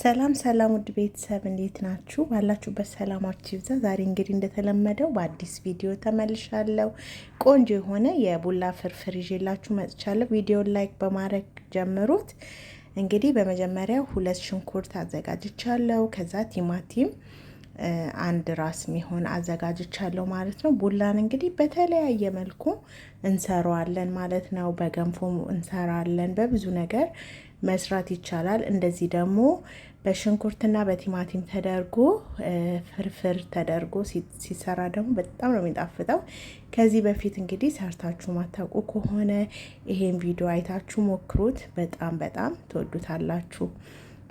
ሰላም ሰላም ውድ ቤተሰብ እንዴት ናችሁ? ባላችሁበት ሰላማችሁ ይብዛ። ዛሬ እንግዲህ እንደተለመደው በአዲስ ቪዲዮ ተመልሻለሁ። ቆንጆ የሆነ የቡላ ፍርፍር ይዤላችሁ መጥቻለሁ። ቪዲዮን ላይክ በማድረግ ጀምሩት። እንግዲህ በመጀመሪያ ሁለት ሽንኩርት አዘጋጅቻለሁ። ከዛ ቲማቲም አንድ ራስ የሚሆን አዘጋጅቻለሁ ማለት ነው። ቡላን እንግዲህ በተለያየ መልኩ እንሰራዋለን ማለት ነው። በገንፎ እንሰራለን፣ በብዙ ነገር መስራት ይቻላል። እንደዚህ ደግሞ በሽንኩርትና በቲማቲም ተደርጎ ፍርፍር ተደርጎ ሲሰራ ደግሞ በጣም ነው የሚጣፍጠው። ከዚህ በፊት እንግዲህ ሰርታችሁ ማታውቁ ከሆነ ይሄን ቪዲዮ አይታችሁ ሞክሩት። በጣም በጣም ትወዱታላችሁ።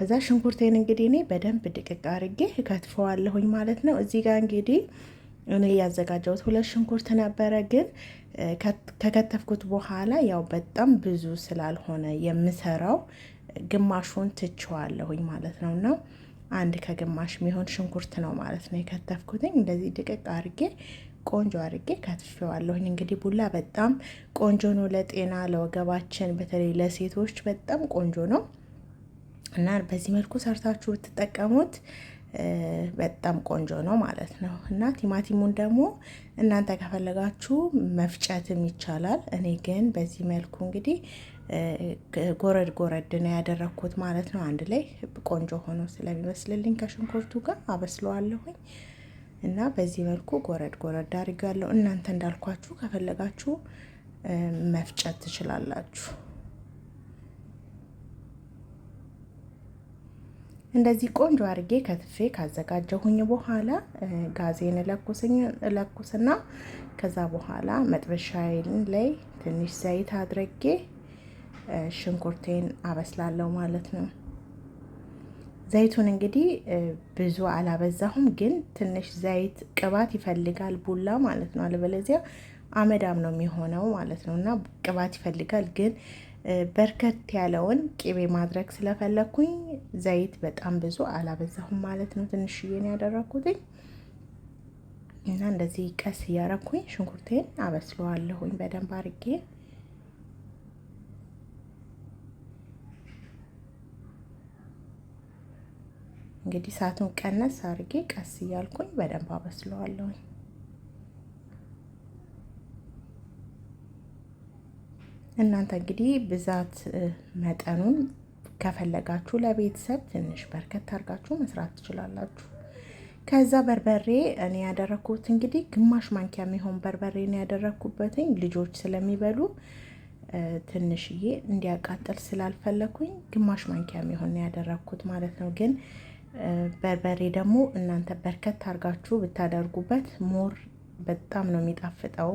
ከዛ ሽንኩርቴን እንግዲህ እኔ በደንብ ድቅቅ አድርጌ እከትፈዋለሁኝ ማለት ነው። እዚህ ጋር እንግዲህ እኔ ያዘጋጀሁት ሁለት ሽንኩርት ነበረ፣ ግን ከከተፍኩት በኋላ ያው በጣም ብዙ ስላልሆነ የምሰራው ግማሹን ትችዋለሁኝ ማለት ነው እና አንድ ከግማሽ የሚሆን ሽንኩርት ነው ማለት ነው የከተፍኩትኝ። እንደዚህ ድቅቅ አርጌ ቆንጆ አርጌ ከትፌዋለሁኝ። እንግዲህ ቡላ በጣም ቆንጆ ነው ለጤና ለወገባችን፣ በተለይ ለሴቶች በጣም ቆንጆ ነው እና በዚህ መልኩ ሰርታችሁ ብትጠቀሙት በጣም ቆንጆ ነው ማለት ነው። እና ቲማቲሙን ደግሞ እናንተ ከፈለጋችሁ መፍጨትም ይቻላል። እኔ ግን በዚህ መልኩ እንግዲህ ጎረድ ጎረድ ነው ያደረግኩት ማለት ነው። አንድ ላይ ቆንጆ ሆኖ ስለሚመስልልኝ ከሽንኩርቱ ጋር አበስለዋለሁኝ እና በዚህ መልኩ ጎረድ ጎረድ አድርጋለሁ። እናንተ እንዳልኳችሁ ከፈለጋችሁ መፍጨት ትችላላችሁ። እንደዚህ ቆንጆ አድርጌ ከትፌ ካዘጋጀሁኝ በኋላ ጋዜን እለኩስና ከዛ በኋላ መጥበሻዬን ላይ ትንሽ ዘይት አድርጌ ሽንኩርቴን አበስላለሁ ማለት ነው። ዘይቱን እንግዲህ ብዙ አላበዛሁም፣ ግን ትንሽ ዘይት ቅባት ይፈልጋል ቡላ ማለት ነው። አለበለዚያ አመዳም ነው የሚሆነው ማለት ነው እና ቅባት ይፈልጋል ግን በርከት ያለውን ቅቤ ማድረግ ስለፈለግኩኝ ዘይት በጣም ብዙ አላበዛሁም ማለት ነው። ትንሽዬን ያደረግኩትኝ እና እንደዚህ ቀስ እያረኩኝ ሽንኩርቴን አበስለዋለሁኝ በደንብ አርጌ እንግዲህ እሳቱን ቀነስ አርጌ ቀስ እያልኩኝ በደንብ አበስለዋለሁኝ። እናንተ እንግዲህ ብዛት መጠኑን ከፈለጋችሁ ለቤተሰብ ትንሽ በርከት አድርጋችሁ መስራት ትችላላችሁ። ከዛ በርበሬ እኔ ያደረኩት እንግዲህ ግማሽ ማንኪያ የሚሆን በርበሬ ነው ያደረግኩበትኝ። ልጆች ስለሚበሉ ትንሽዬ እንዲያቃጥል ስላልፈለኩኝ ግማሽ ማንኪያ የሚሆን ነው ያደረኩት ማለት ነው። ግን በርበሬ ደግሞ እናንተ በርከት አድርጋችሁ ብታደርጉበት ሞር በጣም ነው የሚጣፍጠው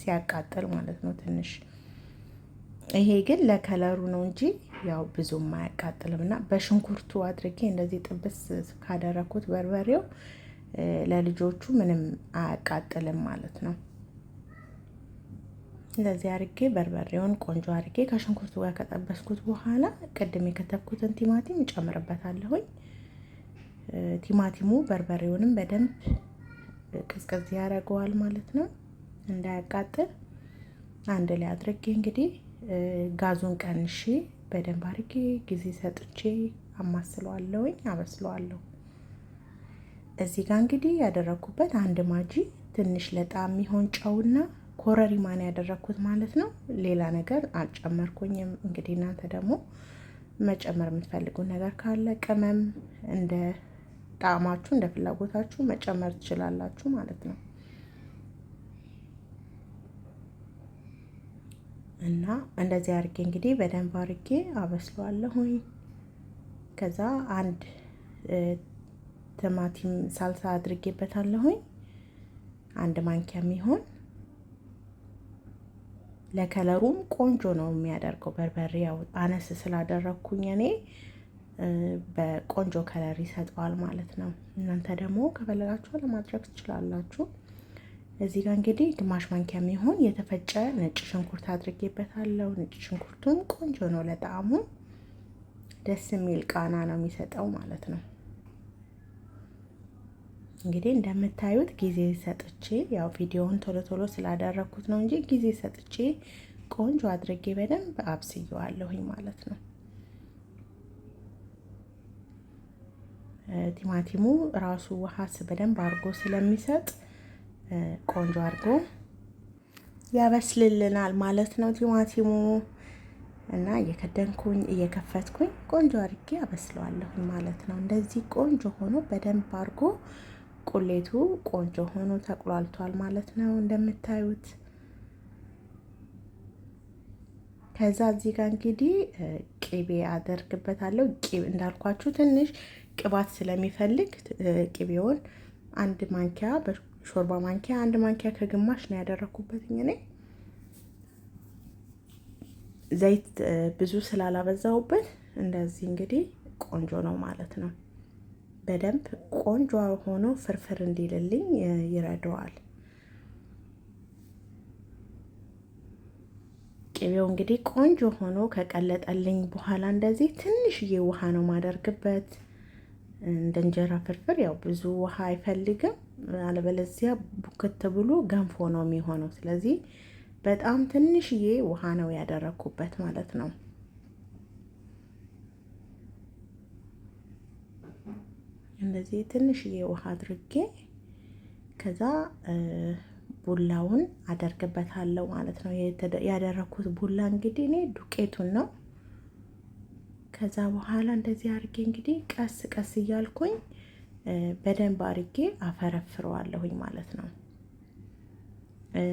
ሲያቃጥል ማለት ነው ትንሽ ይሄ ግን ለከለሩ ነው እንጂ ያው ብዙም አያቃጥልም። እና በሽንኩርቱ አድርጌ እንደዚህ ጥብስ ካደረኩት በርበሬው ለልጆቹ ምንም አያቃጥልም ማለት ነው። እንደዚህ አርጌ በርበሬውን ቆንጆ አርጌ ከሽንኩርቱ ጋር ከጠበስኩት በኋላ ቅድም የከተፍኩትን ቲማቲም እጨምርበታለሁኝ። ቲማቲሙ በርበሬውንም በደንብ ቅዝቅዝ ያደርገዋል ማለት ነው እንዳያቃጥል አንድ ላይ አድርጌ እንግዲህ ጋዙን ቀንሼ በደንብ አድርጌ ጊዜ ሰጥቼ አማስለዋለሁኝ አበስለዋለሁ። እዚህ ጋር እንግዲህ ያደረኩበት አንድ ማጂ ትንሽ ለጣ የሚሆን ጨውና ኮረሪማን ያደረኩት ማለት ነው። ሌላ ነገር አልጨመርኩኝም። እንግዲህ እናንተ ደግሞ መጨመር የምትፈልጉት ነገር ካለ ቅመም እንደ ጣዕማችሁ እንደ ፍላጎታችሁ መጨመር ትችላላችሁ ማለት ነው። እና እንደዚህ አድርጌ እንግዲህ በደንብ አድርጌ አበስለዋለሁኝ። ከዛ አንድ ቲማቲም ሳልሳ አድርጌበታለሁኝ አንድ ማንኪያ የሚሆን ለከለሩም ቆንጆ ነው የሚያደርገው። በርበሬ ያው አነስ ስላደረግኩኝ እኔ በቆንጆ ከለር ይሰጠዋል ማለት ነው። እናንተ ደግሞ ከፈለጋችሁ ለማድረግ ትችላላችሁ። እዚህ ጋር እንግዲህ ግማሽ ማንኪያ የሚሆን የተፈጨ ነጭ ሽንኩርት አድርጌበታለሁ። ነጭ ሽንኩርቱን ቆንጆ ነው ለጣዕሙ ደስ የሚል ቃና ነው የሚሰጠው ማለት ነው። እንግዲህ እንደምታዩት ጊዜ ሰጥቼ ያው ቪዲዮውን ቶሎ ቶሎ ስላደረግኩት ነው እንጂ ጊዜ ሰጥቼ ቆንጆ አድርጌ በደንብ አብስየዋለሁኝ ማለት ነው። ቲማቲሙ ራሱ ውሃ በደንብ አድርጎ ስለሚሰጥ ቆንጆ አድርጎ ያበስልልናል ማለት ነው ቲማቲሙ እና እየከደንኩኝ እየከፈትኩኝ ቆንጆ አድርጌ አበስለዋለሁኝ ማለት ነው። እንደዚህ ቆንጆ ሆኖ በደንብ አድርጎ ቁሌቱ ቆንጆ ሆኖ ተቁላልቷል ማለት ነው እንደምታዩት። ከዛ እዚህ ጋር እንግዲህ ቅቤ አደርግበታለሁ። እንዳልኳችሁ ትንሽ ቅባት ስለሚፈልግ ቅቤውን አንድ ማንኪያ ሾርባ ማንኪያ አንድ ማንኪያ ከግማሽ ነው ያደረኩበት እኔ ዘይት ብዙ ስላላበዛውበት እንደዚህ እንግዲህ ቆንጆ ነው ማለት ነው። በደንብ ቆንጆ ሆኖ ፍርፍር እንዲልልኝ ይረዳዋል። ቅቤው እንግዲህ ቆንጆ ሆኖ ከቀለጠልኝ በኋላ እንደዚህ ትንሽዬ ውሃ ነው ማደርግበት። እንደ እንጀራ ፍርፍር ያው ብዙ ውሃ አይፈልግም። አለበለዚያ ቡክት ብሎ ገንፎ ነው የሚሆነው። ስለዚህ በጣም ትንሽዬ ውሃ ነው ያደረኩበት ማለት ነው። እንደዚህ ትንሽዬ ውሃ አድርጌ ከዛ ቡላውን አደርግበታለሁ ማለት ነው። ያደረኩት ቡላ እንግዲህ እኔ ዱቄቱን ነው ከዛ በኋላ እንደዚህ አድርጌ እንግዲህ ቀስ ቀስ እያልኩኝ በደንብ አድርጌ አፈረፍረዋለሁኝ ማለት ነው።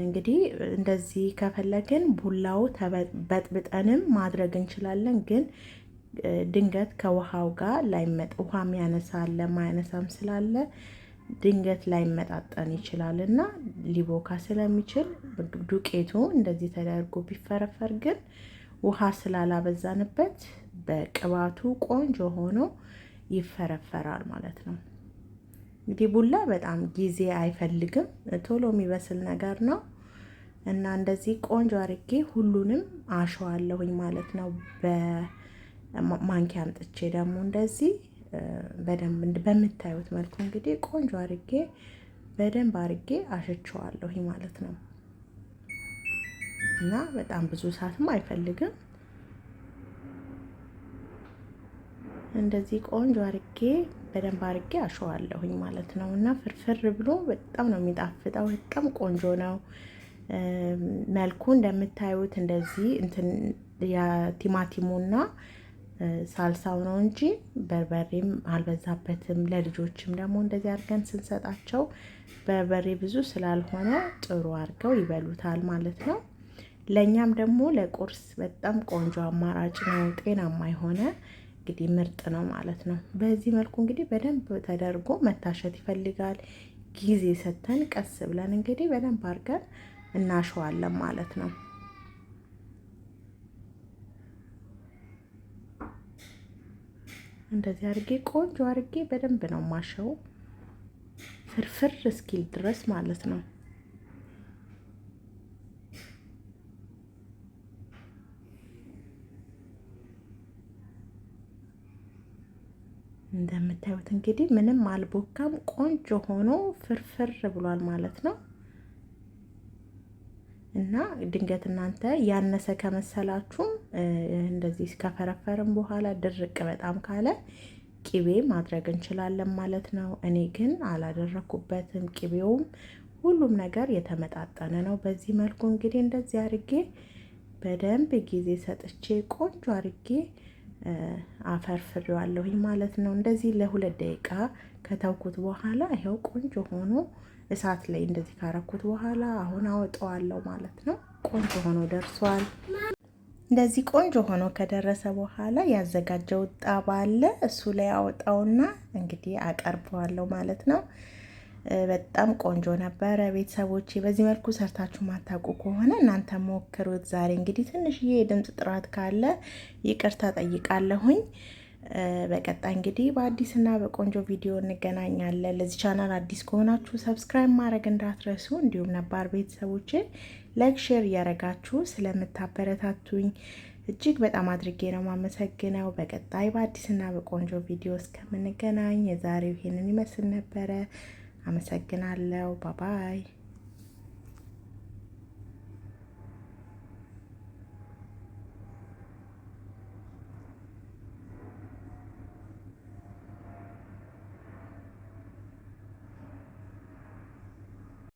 እንግዲህ እንደዚህ ከፈለግን ቡላው በጥብጠንም ማድረግ እንችላለን። ግን ድንገት ከውሃው ጋር ላይመጥ ውሃ የሚያነሳ አለ ማያነሳም ስላለ ድንገት ላይመጣጠን ይችላል እና ሊቦካ ስለሚችል ዱቄቱ እንደዚህ ተደርጎ ቢፈረፈር ግን ውሃ ስላላበዛንበት በቅባቱ ቆንጆ ሆኖ ይፈረፈራል ማለት ነው። እንግዲህ ቡላ በጣም ጊዜ አይፈልግም፣ ቶሎ የሚበስል ነገር ነው እና እንደዚህ ቆንጆ አርጌ ሁሉንም አሸዋለሁኝ ማለት ነው። በማንኪያ አምጥቼ ደግሞ እንደዚህ በደንብ በምታዩት መልኩ እንግዲህ ቆንጆ አርጌ በደንብ አርጌ አሸቸዋለሁኝ ማለት ነው እና በጣም ብዙ ሰዓትም አይፈልግም። እንደዚህ ቆንጆ አርጌ በደንብ አርጌ አሸዋለሁኝ ማለት ነው። እና ፍርፍር ብሎ በጣም ነው የሚጣፍጠው። በጣም ቆንጆ ነው መልኩ እንደምታዩት እንደዚህ እንትን የቲማቲሙና ሳልሳው ነው እንጂ በርበሬም አልበዛበትም። ለልጆችም ደግሞ እንደዚህ አድርገን ስንሰጣቸው በርበሬ ብዙ ስላልሆነ ጥሩ አድርገው ይበሉታል ማለት ነው። ለእኛም ደግሞ ለቁርስ በጣም ቆንጆ አማራጭ ነው ጤናማ የሆነ እንግዲህ ምርጥ ነው ማለት ነው። በዚህ መልኩ እንግዲህ በደንብ ተደርጎ መታሸት ይፈልጋል። ጊዜ ሰተን ቀስ ብለን እንግዲህ በደንብ አድርገን እናሸዋለን ማለት ነው። እንደዚህ አድርጌ ቆንጆ አድርጌ በደንብ ነው ማሸው ፍርፍር እስኪል ድረስ ማለት ነው። እንደምታዩት እንግዲህ ምንም አልቦካም፣ ቆንጆ ሆኖ ፍርፍር ብሏል ማለት ነው። እና ድንገት እናንተ ያነሰ ከመሰላችሁም እንደዚህ ከፈረፈርም በኋላ ድርቅ በጣም ካለ ቂቤ ማድረግ እንችላለን ማለት ነው። እኔ ግን አላደረኩበትም። ቂቤውም ሁሉም ነገር የተመጣጠነ ነው። በዚህ መልኩ እንግዲህ እንደዚህ አርጌ በደንብ ጊዜ ሰጥቼ ቆንጆ አርጌ አፈርፍሬዋለሁኝ ማለት ነው። እንደዚህ ለሁለት ደቂቃ ከተውኩት በኋላ ይኸው ቆንጆ ሆኖ እሳት ላይ እንደዚህ ካረኩት በኋላ አሁን አወጣዋለሁ ማለት ነው። ቆንጆ ሆኖ ደርሷል። እንደዚህ ቆንጆ ሆኖ ከደረሰ በኋላ ያዘጋጀው ጣባ አለ እሱ ላይ አወጣውና እንግዲህ አቀርበዋለሁ ማለት ነው። በጣም ቆንጆ ነበረ። ቤተሰቦቼ በዚህ መልኩ ሰርታችሁ ማታውቁ ከሆነ እናንተ ሞክሩት። ዛሬ እንግዲህ ትንሽዬ የድምፅ ጥራት ካለ ይቅርታ ጠይቃለሁኝ። በቀጣይ እንግዲህ በአዲስና በቆንጆ ቪዲዮ እንገናኛለን። ለዚህ ቻናል አዲስ ከሆናችሁ ሰብስክራይብ ማድረግ እንዳትረሱ፣ እንዲሁም ነባር ቤተሰቦች ላይክ፣ ሼር እያደረጋችሁ ስለምታበረታቱኝ እጅግ በጣም አድርጌ ነው ማመሰግነው። በቀጣይ በአዲስና በቆንጆ ቪዲዮ እስከምንገናኝ የዛሬው ይሄንን ይመስል ነበረ። አመሰግናለሁ። ባባይ